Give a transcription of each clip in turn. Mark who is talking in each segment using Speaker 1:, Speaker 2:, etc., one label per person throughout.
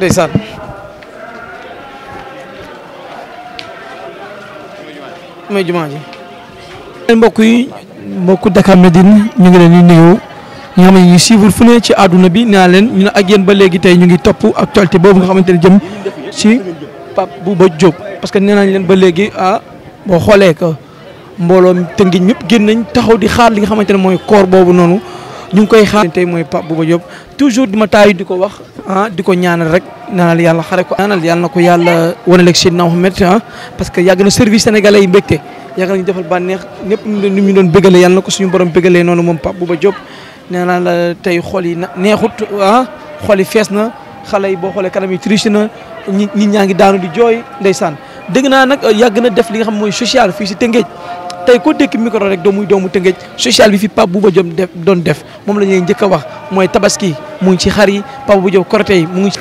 Speaker 1: ndeysaan muy jumaa ji mbokk yi mbokku Dakar Medine ñu ngi leen di nuyu ñu ngi suivre fu ne ci àdduna bi nee naa leen ñu ne ak yéen ba léegi tey ñu ngi topp actualité boobu nga xamante ne jëm ci bu ba jóg parce que nee nañ leen ba léegi ah boo xoolee que mbooloo Tëngéej ñëpp génn nañ taxaw di xaar li nga xamante ne mooy koor boobu noonu ñu ngi koy xaar tey mooy bu Bouba jóg toujours di ma taayu di ko wax ah di ko ñaanal rek ñaanal yàlla xare ko ñaanal yàlla na ko yàlla wanaleeg Seydina Mohamed ah parce que yàgg na service sénégalais yi mbégte yàgg nañu defal bànneex ñëpp ñu ñu doon bëggalee yàlla na ko suñu borom bëggalee noonu moom Pape Bouba Diop nee naa la tey xol yi neexut ah xol yi fees na xale yi boo xoolee kanam yi triche na ñi ñi ñaa ngi daanu di jooy ndeysaan dégg naa nag euh, yàgg na def li nga xam mooy social fii si Tëngéej tey ko dékk micro rek doo muy doomu Tëngéej social bi fi Pape Bouba Diop def doon def moom la ñuy njëkk a wax mooy tabaski mu ngi ci xar yi Pape Bouba Diop korité yi mu ngi ci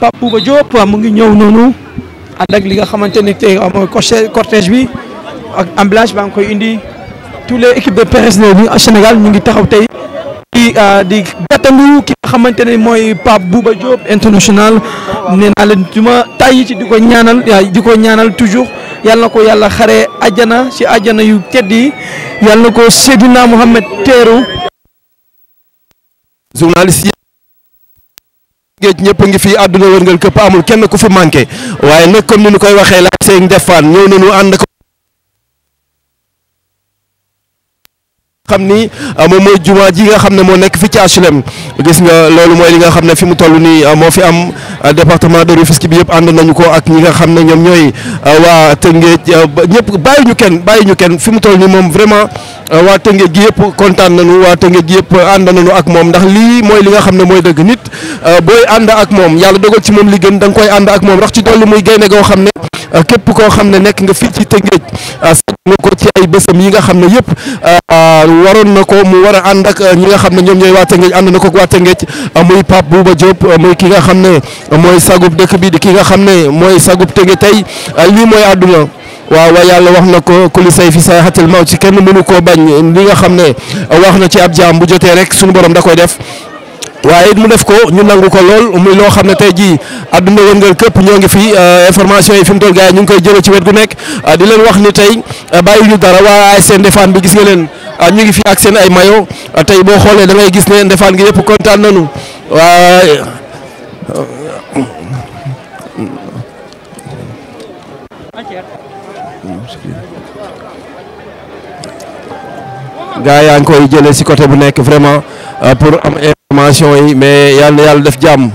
Speaker 1: Pape Bouba Diop mu ngi ñëw noonu ànd ak li nga xamante ni tey mooy cortège bi ak emballage baa ngi koy indi tous les équipes de presse bi à Sénégal ñu ngi taxaw tey di ah, di gàttandu ki nga xamante ne mooy Pape Bouba Diop international nee naa leen du ma tàyyi di ko ñaanal di ko ñaanal toujours yàlla na ko yàlla xare àjjana si àjjana yu tedd yi yàlla na ko Seydina Mohamed teeru
Speaker 2: géej a ngi fii àdduna wërngal këpp amul kenn ku fi manqué waaye nag ni ñu koy waxee laaj seen defaan ñëw nañu ànd ko xam ni euh, moom mooy jumaa ji nga xam ne moo nekk fi ci gis nga loolu mooy li nga xam ne fi mu toll nii euh, moo fi am euh, département de Rufisque bi yëpp ànd nañu ko ak ñi nga xam ne ñoom ñooy waa Tëngéej ñëpp bàyyi ñu kenn bàyyi ñu kenn fi mu toll nii moom vraiment waa Tëngéej gi yëpp kontaan nañu waa Tëngéej gi yëpp ànd nañu ak moom ndax lii mooy li nga xam ne mooy dëgg nit booy ànd ak moom yàlla dogal ci moom li gën da koy ànd ak moom rax ci dolli muy gaynde goo xam ne Euh, képp koo xam ne nekk nga fi ci Tëngéej sant euh, nga ko ci ay bésam yi nga xam ne yëpp euh, waroon na ko mu war a ànd ak ñi nga xam ne ñoom ñooy waa Tëngéej ànd na ko waa Tëngéej a Pape Bouba Diop ki nga xam ne mooy sagub dëkk bii di ki nga xam ne mooy sagub Tëngéej tey lii mooy àdduna waaw waaye yàlla wax na ko kuli say fi say xatil maw ci kenn mënu koo bañ li nga xam ne wax na ci ab jaam bu jotee rek suñu borom da koy def waaye it mu def ko ñu nangu ko lool muy loo xam ne tey jii àdduna wëngal képp ñoo ngi fi euh, information yi fi mu toll ñu ngi koy jëlee ci wet gu nekk euh, di leen wax ni tey euh, bàyyi dara waa ASC Ndefane bi gis nga leen ñu ngi fi ak seen ay mayo tey boo xoolee da gis ne Ndefane yëpp kontaan nañu waaye. gars yaa ngi si côté bu nekk vraiment pour formation yi mais yal na yàlla def jàmm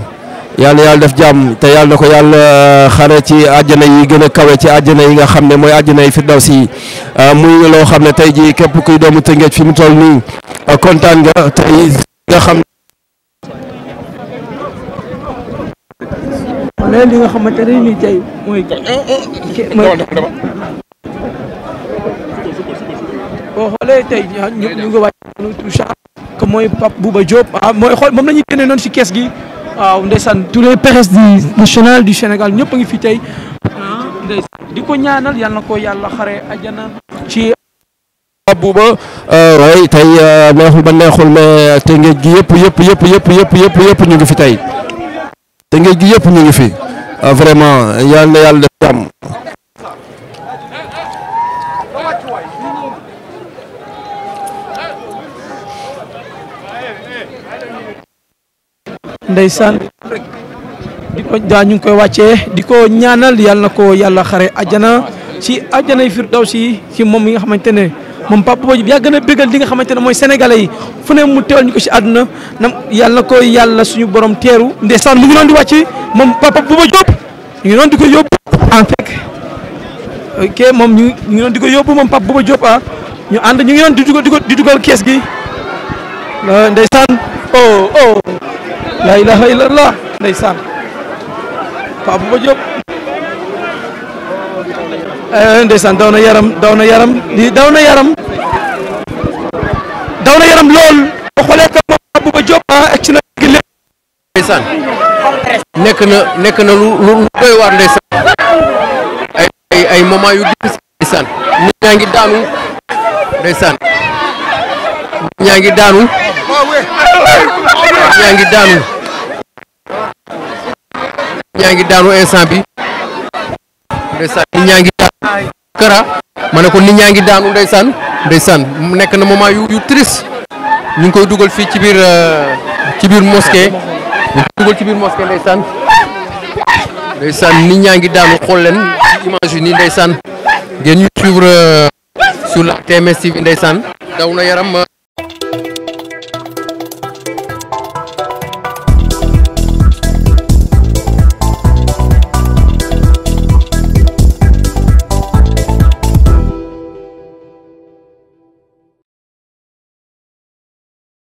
Speaker 2: yal na yàlla def jàmm te yal na ko yàlla euh, xare ci àjjana yi gën a kawe ci àjjana yi nga xam ne mooy àjjana yi Firdawsi yi euh, mu loo xam ne tey jii képp kuy doomu Tëngéej fi mu toll nii euh, kontaan nga tey nga xam.
Speaker 1: Eh, eh, eh. wala mooy pap Bouba Diop ah, xool moom nañu ñuy génne noonu si kees gi waaw ndeysaan tous les presse du national du Sénégal ñëpp a ngi fi tey ah, di ko ñaanal yal na ko yàlla xare ajana
Speaker 2: ci Pape Bouba euh, waaye tey euh, neexul ba neexul mais te ngeej gi yëpp yëpp yëpp yëpp yëpp yëpp yëpp ñu ngi fi tey te ngeej gi yëpp ñu ngi fi euh, vraiment yal na yàlla def jàmm
Speaker 1: ndeysaan saan ko daa ñu ngi koy wàccee di ko ñaanal yàlla na ko yàlla xare ajana ci ajana yi firdawsi ci moom mi nga xamante ne moom Pape Bouba Diop yaa gën a bégal nga xamante ne mooy sénégalais yi fu mu teewal ñu ko ci yàlla ko yàlla suñu borom teeru ndeysaan mu ngi di wàcc moom Pape Bouba Diop ñu ngi doon di ko yóbbu moom ñu ngi doon di ko yóbbu moom Pape Bouba Diop ah ñu ànd ñu ngi doon di dugal kees gi ndeysaan oh, oh. ilaha illallah ndeysaan Paa Bouba Diop eh, ndeysaan daw na yaram daw na yaram lii daw na yaram daw na yaram lool boo xoolee
Speaker 2: ka moom Paa Bouba Diop ak ah, ci na gi lépp nekk na nekk na lu lu doy waar ndeysaan ay ay ay moment yu difficile ñaa ngi daanu ndeysaan ñaa ngi daanu ñaa ngi daanu ñaa ngi daanu instant bi ndeysaan nit ñaa ngi daanu kara ma ne nit ñaa ngi daanu ndeysaan ndeysaan nekk na moment yu yu ñu ngi koy dugal fii ci biir euh, ci biir mosquée ñu koy dugal ci biir mosquée ndeysaan ndeysaan nit ñaa ngi daanu xool leen image yi nii ndeysaan ngeen ñu suivre euh, sur la TMS TV ndeysaan daw na yaram euh,